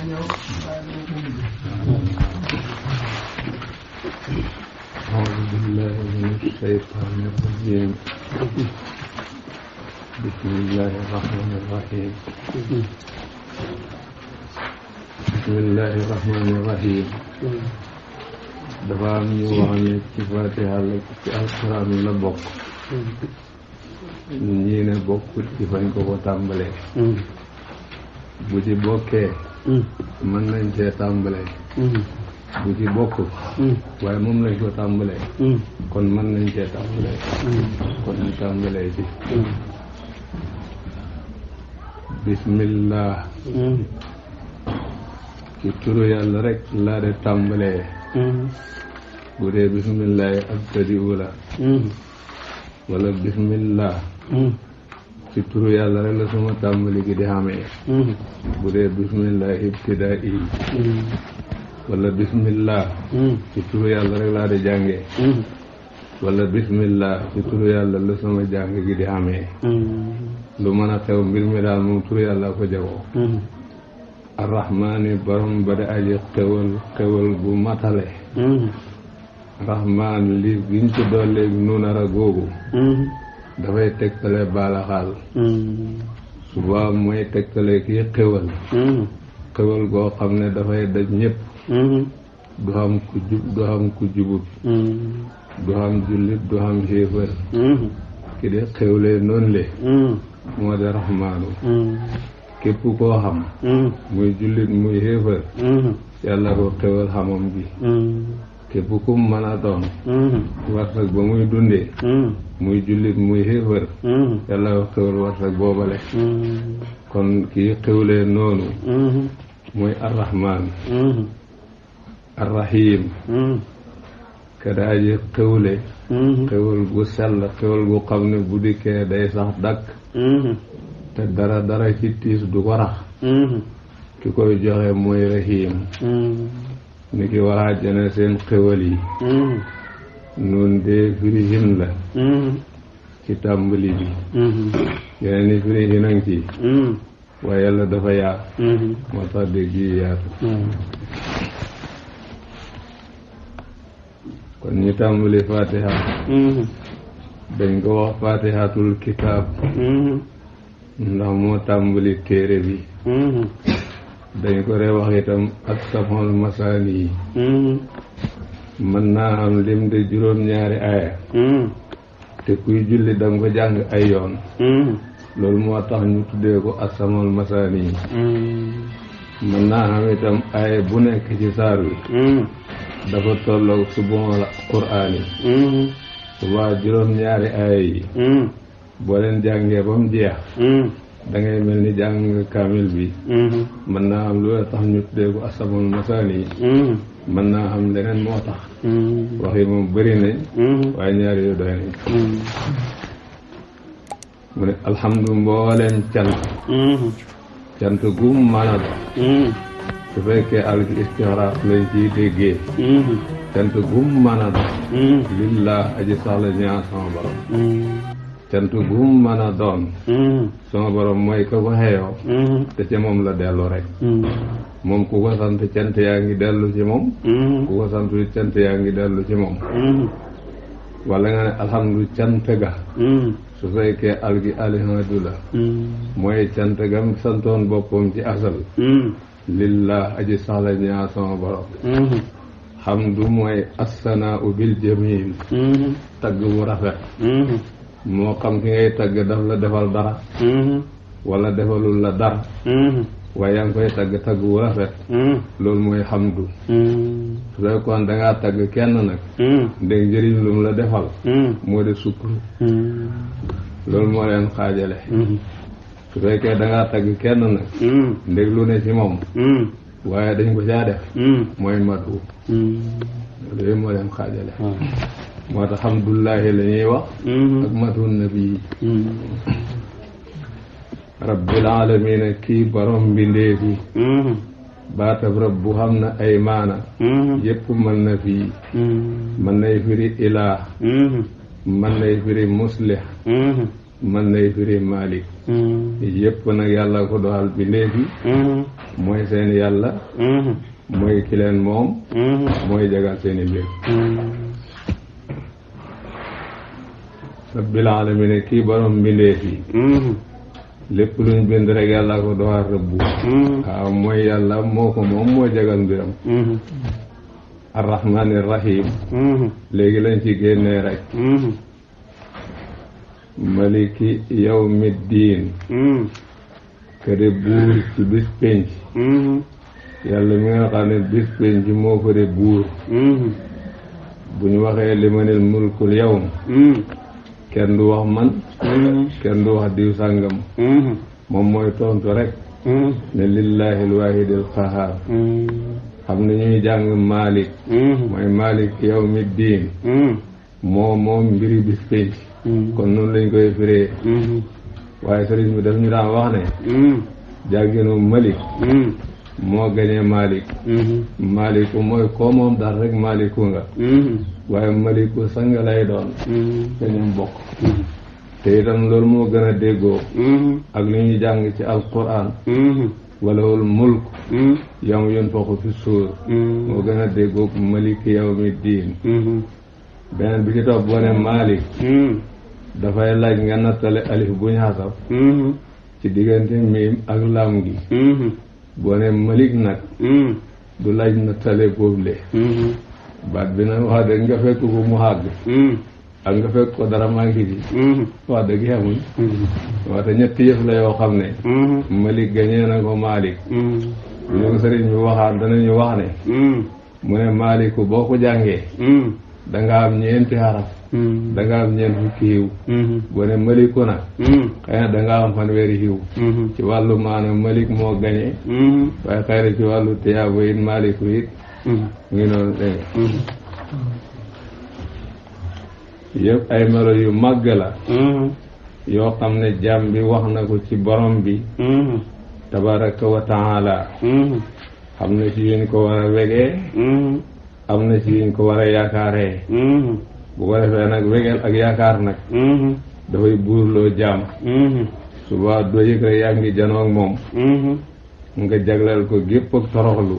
أعوذ بالله من الشيطان الرجيم بسم الله الرحمن الرحيم بسم الله الرحمن الرحيم dafa am ñu ci Faatiha la ci alxuraan la bokk ñii ne bokkut ci fañ ko ko tàmbalee mm. bu ci bokkee Hmm. mën nañ cee tàmbalee hmm. bu ci bokk hmm. waaye moom lañ ko tàmbalee kon mën nañ cee tàmbalee kon ñu tàmbalee ci bismillah ci turu yàlla rek laa de tàmbalee bu dee bismillah abtadi ula wala bismillah ci turu yàlla rek la sama tàmbali gi di xamee bu dee bismillah ibtidaa i wala bismillah ci turu yàlla rek laa di jàngee wala bismillah ci turu yàlla la sama jàng gi di xamee lu mën a xew mbir mi daal moom turu yàlla ko jagoo arrahmaani borom ba di aji xewal xewal matale rahmaan li biñ ci dolleeg nuunara googu dafay tegtale baalaxaal subaa mooy tegtale kii xewal xewal goo xam ne dafay daj ñëpp du xam ku du xam ku du xam jullit du xam xéefar ki de xewlee noonu moo de raxmaanu képp koo xam muy jullit muy xéefar yàlla ko xewal xamam bi képp ku mu mën a doon mm-hmm. warsak ba muy dundee mm-hmm. muy jullit muy xéefar mm-hmm. yàlla wax xewal boobale kon kii xewlee noonu muy arrahman arrahim ka daaji xewle xewal gu sell xewal gu xam ne bu dikkee day sax dakk te dara dara ci tiis du ko rax ki koy joxe muy rahim ni ki waa àjjana seen xéwal yi mm. noon de firi la mm. ci tàmbali bi mm-hmm. yeneen i firi hinang ci mm. waaye dafa yaa mm-hmm. moo tax dégg yi yaatu kon ñu tàmbali fatiha mm-hmm. dañ ko wax fatihatul kitaab ndax moo tàmbali téere bi dañ ko dee wax itam ak sabon masaali yi hmm. mën naa am lim de juróom-ñaari aaya hmm. te kuy julli da ko jàng ay yoon hmm. loolu moo tax ñu tuddee ko ak sabon masaali yi mën naa am itam aaya bu nekk ci saar wi dafa tolloog subon la quraan yi subaa juróom-ñaari aaya yi boo leen jàngee ba mu jeex dangay mel ni jàng kaamil bi mm-hmm. mën naa am lu la tax ñu tuddee ko asabul masaani yi mm-hmm. mën naa am leneen moo tax mm-hmm. wax yi moom bëri nañ waaye ñaari yu doy nañ mu ne alhamdu mbooleem cant cant gum maana doon su fekkee al istixraaq lañ ciy déggee cant gum maana doon lillah aji sax la ñaa cant gu mu mën a doon mm-hmm. sama borom mooy ko ko xeyoo mm-hmm. te ca moom la dellu rek mm-hmm. moom ku ko sant cant yaa ngi dellu ci moom ku ngi dellu ci moom wala nga ne alhamdu cant ga su fekkee algi alhamdu la mooy cant gam santoon boppam ci asal lillah aji saxla ñaa sama borom xam du mooy assanaa bil jamil tagg bu rafet moo xam ki ngay tagg daf la defal dara mm-hmm. wala defalul la dara mm-hmm. waaye yaa ngi koy tagg tagg wu rafet mm-hmm. loolu mooy xam su fekkoon da ngaa tagg kenn nag ndég njëriñ lu mu la defal moo de sukkuru loolu moo leen xaajale su fekkee da ngaa tagg kenn nag ndég lu ne ci moom waaye dañ ko caa def mooy madu loolu yëpp moo leen xaajale moo tax alhamdulilahi la ñuy wax mm-hmm. ak matun nabi mm-hmm. rabbil alamina kii borom mbindeef yi mm-hmm. baatab rab xam na ay maana yépp man na fii mën nay firi ilaa mën nay firi muslih mën nay firi malik yépp nag yàlla ko doxal bindeef yi mooy seen yàlla mooy ki leen moom mooy jagal seen i rabbil aalamiin kii borom mbindeef yi hmm. lépp luñ bind rek yàlla ko doxal rëbbu hmm. waaw mooy yàlla moo ko moom moo jagal mbiram hmm. arrahmaani rahim léegi lañ ci génnee rek maliki yawmi diin kade buur ci bis yàlla mi nga xam ne bis moo ko buur bu ñu waxee limanil mulkul yawm kenn du wax man mm-hmm. kenn du wax diw sàngam mm-hmm. moom mooy tontu rek mm-hmm. ne lillahi alwahid alqahar xam na ñuy jàng malik mooy malik yawmi diin moo moom mbiri bis kon noonu lañ koy firee waaye sëriñ bi daf ñu daan wax ne jàgginu malik moo gañee malik maliku mooy koo moom daal rek maliku nga waaye maliku sang lay doon mm-hmm. te ñoom bokk mm-hmm. te itam loolu moo gën a déggoo mm-hmm. ak li ñuy jàng ci alquran walawul mulk yawma yunfaxu fi suur moo gën a déggoo ku malik yawmi diin beneen bi ci topp boo malik dafay laaj nga nattale alif bu ñu xasaf ci diggante miim ak laam gi boo ne malik nag du laaj nattale boobu le baat bi nag wax dëgg nga fekk ko mu àgg. Hmm. ak nga fekk ko dara maa ngi ji. Hmm. wax dëgg xamul. Hmm. waxte ñetti yëf la yoo xam ne. Malick gañee na ko Malick. ñu ko sëriñ bi waxaat danañu wax ne. mu ne Maliku boo ko jàngee. da am ñeenti xaraf. da am ñeent fukki xiw. boo ne Maliku nag. xëy na da nga am fanweeri xiw. ci wàllu maanaam Malik moo gañee. waaye xëy na ci wàllu tiyaabo it Maliku it. ñu noonu dégg yëpp ay melo yu màgg la mm-hmm. yoo xam ne jaam bi wax na ko ci borom bi mm-hmm. tabaraka wa xam mm-hmm. na ci yuñ ko war a wegee am na ci yuñ ko war a yaakaaree bu ko defee nag wegeel ak yaakaar nag dafay loo jaam suba doo yëg rek yaa ngi janoo ak moom nga jagleel ko gépp ak toroxlu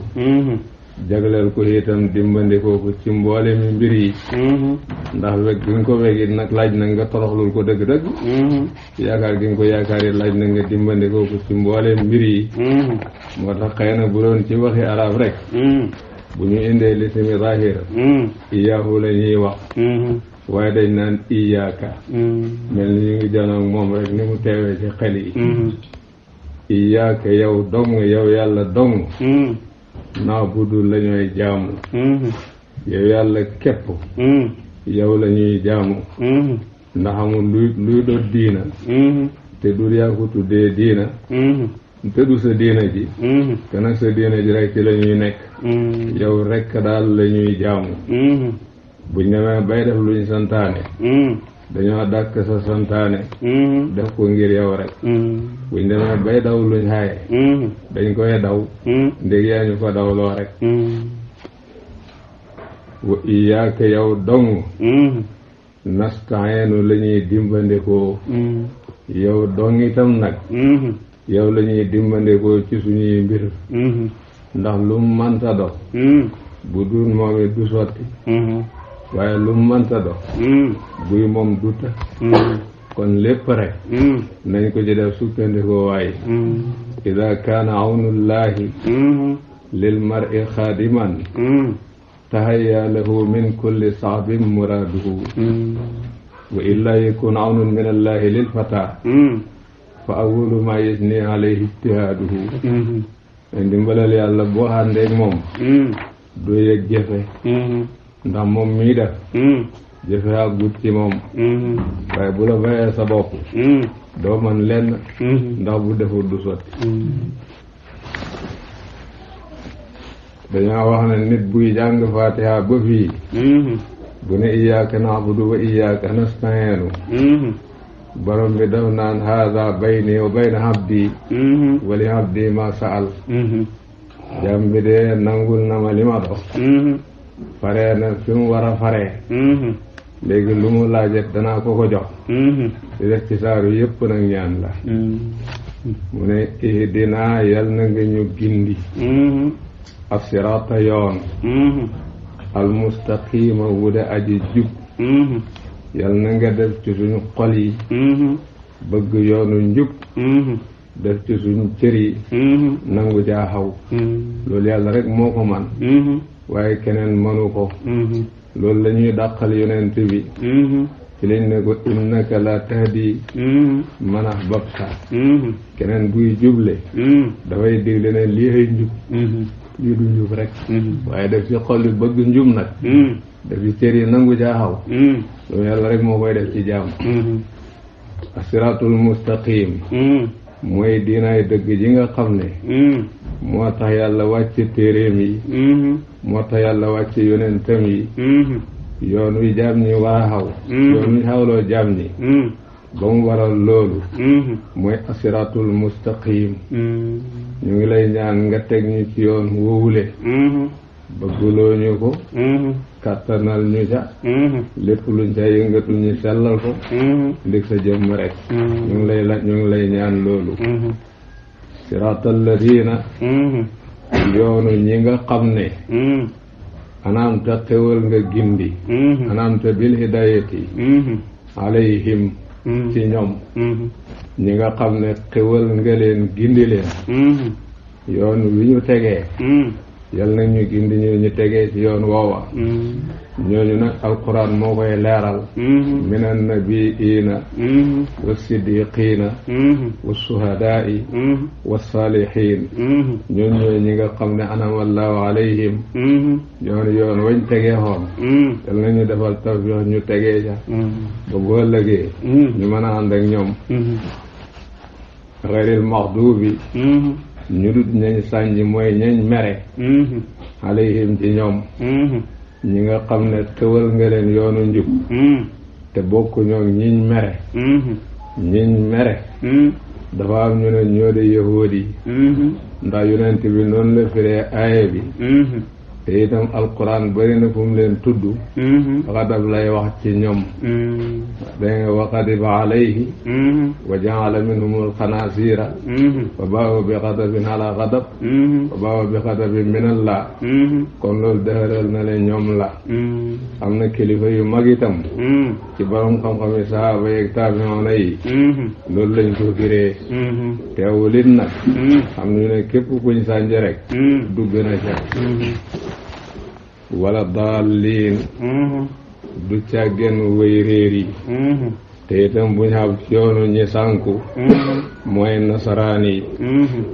jagleel ko itam dimbandikoo ko ci mboole mi mbir yi mm-hmm. ndax weg gi nga ko weg it nag laaj na nga toroxlul ko dëgg-dëgg mm-hmm. yaakaar gi nga ko yaakaar laaj na nga dimbandikoo ko ci mboole mbir yi mm-hmm. moo tax xëy bu doon ci waxi arab rek bu ñu indee li simi zahir iyaahu la ñuy wax waaye dañ naan iyaaka mel ni ñu ngi janoog moom rek ni mu teewee ci xel yi iyaaka yow dong yow yàlla dong naa buddu la ñooy jaamu mm-hmm. yow yàlla képp mm-hmm. yow la ñuy jaamu mm-hmm. ndax amul luy luy doon diina te du yaa ko tuddee diina te sa diina ji te nag sa diina ji rek ci la ñuy nekk yow rek daal la ñuy jaamu buñ demee bay def luñ santaane dañoo dàkk sa santaane mm-hmm. def ko ngir yow rek mm-hmm. buñ demee bay daw luñ xaaye mm-hmm. dañ koy daw ndég yaa ñu ko daw loo rek wa iyaaka yow dong nastaxeenu la ñuy dimbandikoo yow dong itam nag yow lañuy ñuy dimbandikoo ci suñuy mbir ndax lu mu manta dox bu dul moom it du sotti waaye lu mu mënta dox hmm. buy moom du tax hmm. kon lépp rek hmm. nañ ko ci def sukkandikoo waaye ida kaana awnullahi lil mar'i xaadiman tahayya lahu min kulli saabin muraaduhu wa illaa yakun awnun min allahi lil fata fa awwalu ma yasni alayhi ijtihaaduhu ndimbalal yàlla boo àndee moom doo yëg jafe ndax moom mii def hmm. jëfe ak moom hmm. waaye bu la bayee sa bopp hmm. doo man lenn ndax bu deful du sotti dañoo wax na nit buy jàng fatiha ba fii bu ne iyaaka na'budu wa iyaaka nasta'iinu borom daf naan haada bayni wa bayna habdi wali habdi ma saal jàmm bi de nangul na ma li faree na fi mu war a faree mm-hmm. léegi lu mu laajet dana ko ko jox mm-hmm. di def ci saaru yëpp nag ñaan la mm-hmm. mu ne ihdinaa yal na nga ñu gindi as siraata yoon al wu de aji jub yal na nga def ci suñu xol yi bëgg yoonu njub def ci suñu cër yi nangu jaa loolu yàlla rek moo ko man waaye keneen mënu ko mm-hmm. loolu lañuy dàqal yonent bi mm-hmm. ci lañ ne ko innaka la tahdi mm-hmm. man ahbabta keneen buy juble dafay digle ne lii ay njub lii du njub rek waaye daf ci xol yu bëgg njub nag daf cër yi nangu caa xaw loolu yàlla rek moo koy def ci jaam asiratul mustaqim mooy diinaay dëgg ji nga xam ni moo tax yàlla wàcce téeréem yi mm-hmm. moo tax yàlla wàcce yonentam yi mm-hmm. yoon wi jaam ñi war a xaw mm-hmm. yoon wi xawloo jaam ñi ba mu waral loolu mooy asiratul mustaqim ñu ngi lay ñaan nga teg ñu ci yoon woowule bëgguloo ñu ko kàttanal ñu ca lépp luñ ca yëngatu ñu sellal ko ndig sa jëmm rek ñu la ñu ngi lay ñaan loolu siraat alladina mm-hmm. yoonu ñi nga xam ne mm-hmm. anaamta xewal nga gindi mm-hmm. anaamta bil hidayati alayhim ci ñoom ñi nga xam ne xewal nga leen gindi leen yoon wi ñu tegee yal na ñu gindi ñu tegee ci yoon woowa na mm-hmm. nag alquran moo koy leeral mm-hmm. minan nabiina mm-hmm. wa siddiqiina wa suhadaai wa saalihiin ñooñu ñooy ñi nga xam ne anam allahu alayhim ñoon yoon wañ tegee xoon yal na ñu defal tawfiix ñu tegee ca ba bu ëllëgee ñu mën a ànd ñoom xayril maxduubi ñu dut ñañ sànj mooy ñañ mere mm-hmm. alayhim ci ñoom mm-hmm. ñi nga xam ne tëwal nga leen yoonu njub mm-hmm. te bokku ñoog ñiñ mere ñiñ mere dafa am ñu ne ñoo de yahuud yi ndax yonent bi noonu la firee aaye bi te itam alquran bëri na fu leen tudd xadab mm-hmm. lay wax ci ñoom mm-hmm. dégg nga wa xadiba alayhi mm-hmm. wa jaala minhum alxanaasira wa baawa bi xadabin ala xadab wa baawa bi xadabin min allah kon loolu dëxëral na le ñoom la am na kilifa yu mag itam ci borom xam-xam yi saaba yeeg taabiyoona yi loolu lañ ko firee teewulit nag xam ñu ne képp rek dugg na ca wala daalliin mm-hmm. du càggeen way réer mm-hmm. bu ñu xab yoonu ñi sànku mm-hmm. mooy nasaraan yi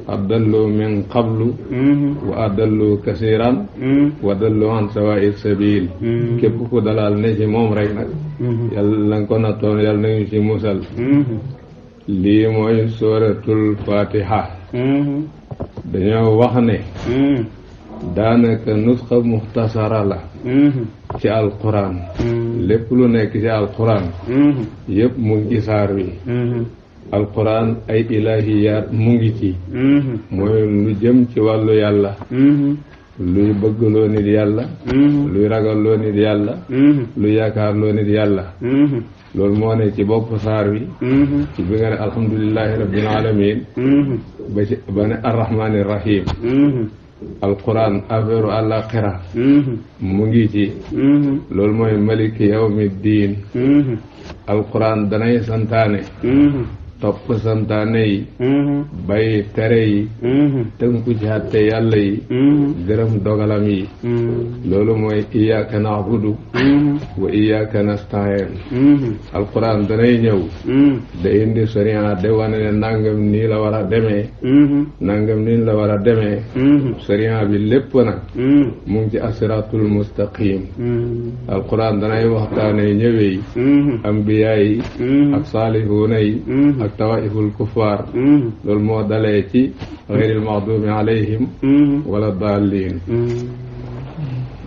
addallu min qablu wa addallu kasiran wa dallu an sawaa'i sabil képp ku dalal ne moom rek nag yàlla na musal lii mooy sooratul fatiha dañoo wax ne daanaka nusxa muxtasara la mhm. ci alquran mhm. lépp lu nekk ci alquran mhm. yëpp mu ngi ci saar wi alquran ay ilahiyaat mu ngi ci mooy lu jëm ci wàllu yàlla luy bëgg loo nit yàlla luy ragal loo nit yàlla luy yaakaar loo nit yàlla loolu moo ne ci bopp saar wi ci bi nga ne alhamdulillahi rabbil alamin ba ci ba ne arrahmanir rahim alquran affaire àllaaxira mm-hmm. mu ngi ci mm-hmm. loolu mooy maliki yawmi diin mm-hmm. alquran danay santaane topp santaane yi mm-hmm. bàyyi tere yi mm-hmm. tënku ci àtte yàlla yi mm-hmm. gërëm dogalam yi loolu mooy iyyaka na'budu wa iyyaka nasta'in alquran danay ñëw da indi sariya de wane nangam nii la wara a demee nangam nii la war a demee sariya bi lépp nag mu ngi ci asiratul mustaqim alquran danay waxtaane ñëwe yi ambiya yi ak saalihuuna yi ak tawaiful kufaar hmm. loolu moo dalee ci xayril maxdubi alayhim hmm. wala daalliin hmm.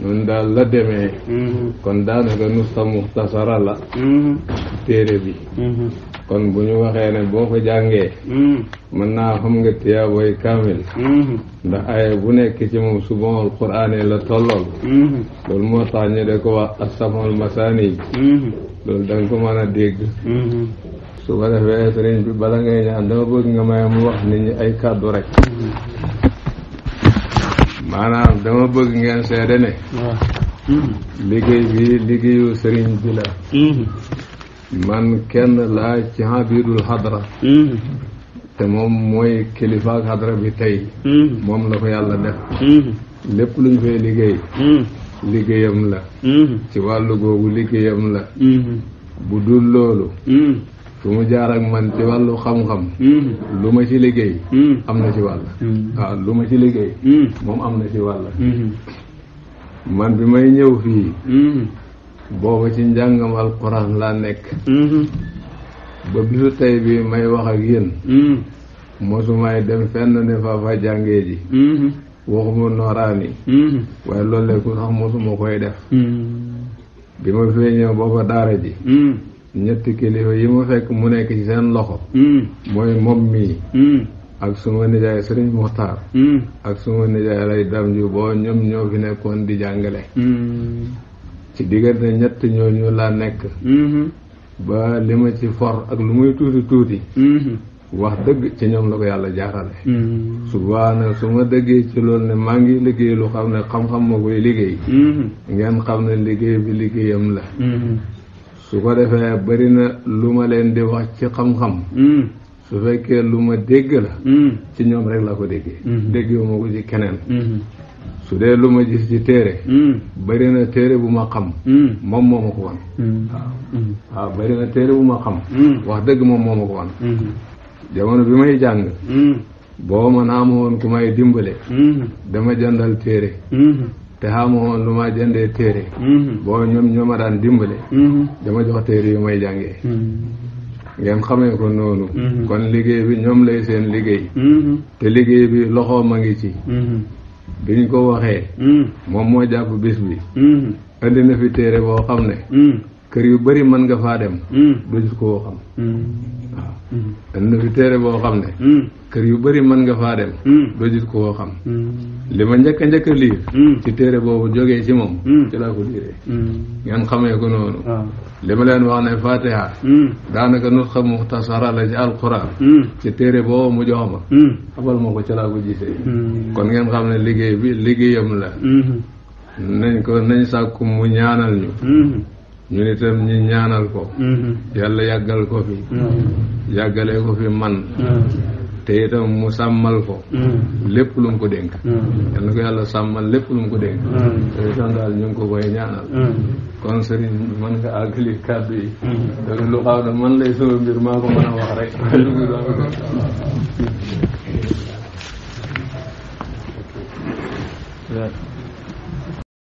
noonu daal la demee kon daanaka nusta muxtasara la téere bi kon bu ñu waxee ne boo ko jàngee mën naa xam nga tiyaaboy kaamil ndax aaya bu nekk ci moom subhanal quraan la tollool loolu moo tax ñu de ko wax asamal masaani loolu da ko mën a dégg su ko defee sëriñ bi bala ngay ñaan dama bëgg nga may mu wax nit ñi ay kàddu rek maanaam dama bëgg ngeen seede ne liggéey bi liggéeyu sëriñ bi la man kenn laa ci habidul xadra te moom mooy kilifaak xadra bi tey moom la ko yàlla def lépp luñ fay liggéey liggéeyam la ci wàllu googu liggéeyam la bu dul loolu fu mu jaar ak man ci wàllu xam-xam hmm. lu ma ci liggéey hmm. am na ci wàll waaw hmm. ah, lu ma ci liggéey moom am na ci wàll man bi may ñëw fii booba ci njàngam alquran laa nekk ba bisu tey bi may wax ak yéen mosumaay dem fenn ne fa fa jàngee ji waxuma nooraani waaye loolu ku sax mosuma koy def bi ma feeñee booba daara ji ñetti kilifa yi ma fekk mu nekk ci seen loxo hmm. mooy moom mii hmm. ak suma nijaay sëriñ Muxtaar hmm. ak suma nijaay lay dam ju boo ñoom ñoo fi nekkoon di jàngale ci diggante ñett ñooñu laa nekk ba li ma ci for ak lu muy tuuti tuuti wax dëgg ci ñoom la ko yàlla jaaxale subaana su ma dëggee ci loolu ne maa ngi liggéey lu xam ne xam-xam ma koy liggéey ngeen xam ne liggéey bi liggéeyam la su ko defee bëri na lu ma leen di wax ci xam-xam mm. su fekkee lu ma dégg la mm. ci ñoom rek laa ko déggee mm-hmm. dégg moo ko ci keneen mm-hmm. su dee lu ma gis ci téere mm. bëri na téere bu ma xam moom moo ma wan waaw na téere bu ma xam wax dëgg moom moo ma ko wan mm-hmm. jamono bi may jàng boo ma naa amoon ku may dimbale dama jëndal téere te xamoo lu ma jëndee téere mhm. boo ñoom ñoo ma daan dimbale mhm. dama jox téere yu may jàngee mhm. ngeen xamee ko noonu kon liggéey bi ñoom lay seen liggéey te liggéey bi loxoom a ngi ci biñ ko waxee moom moo jàpp bis bi indi na fi téere boo xam ne kër yu bari mën nga faa dem. ba gis koo xam. Hmm. Hmm. boo xam ne. Hmm. yu bëri mën nga faa dem. ba gis koo xam. li ma njëkk a njëkk a liir. ci téere boobu jógee ci moom. ci laa ko liiree. ngeen xamee ko noonu. li ma leen wax ne Fatiha. daanaka nusxa muxtasara la ci alquran. ci téere boobu mu jox ma. xabal ma ko ci laa ko gisee. kon ngeen xam ne liggéey bi liggéeyam la. nañ ko nañ sàkku mu ñaanal ñu. ñu ne itam ñi ñaanal ko mm-hmm. yàlla yàggal ko fi mm-hmm. yàggalee ko fi man mm-hmm. te itam mu sàmmal ko lépp lu mu ko dénk yal ko yàlla sàmmal lépp lu mu ko dénk te itam daal ñu ngi ko koy ñaanal kon sëriñ mën nga àggali kàddu yi lu xaw na man lay sama mbir maa ko mën a wax rek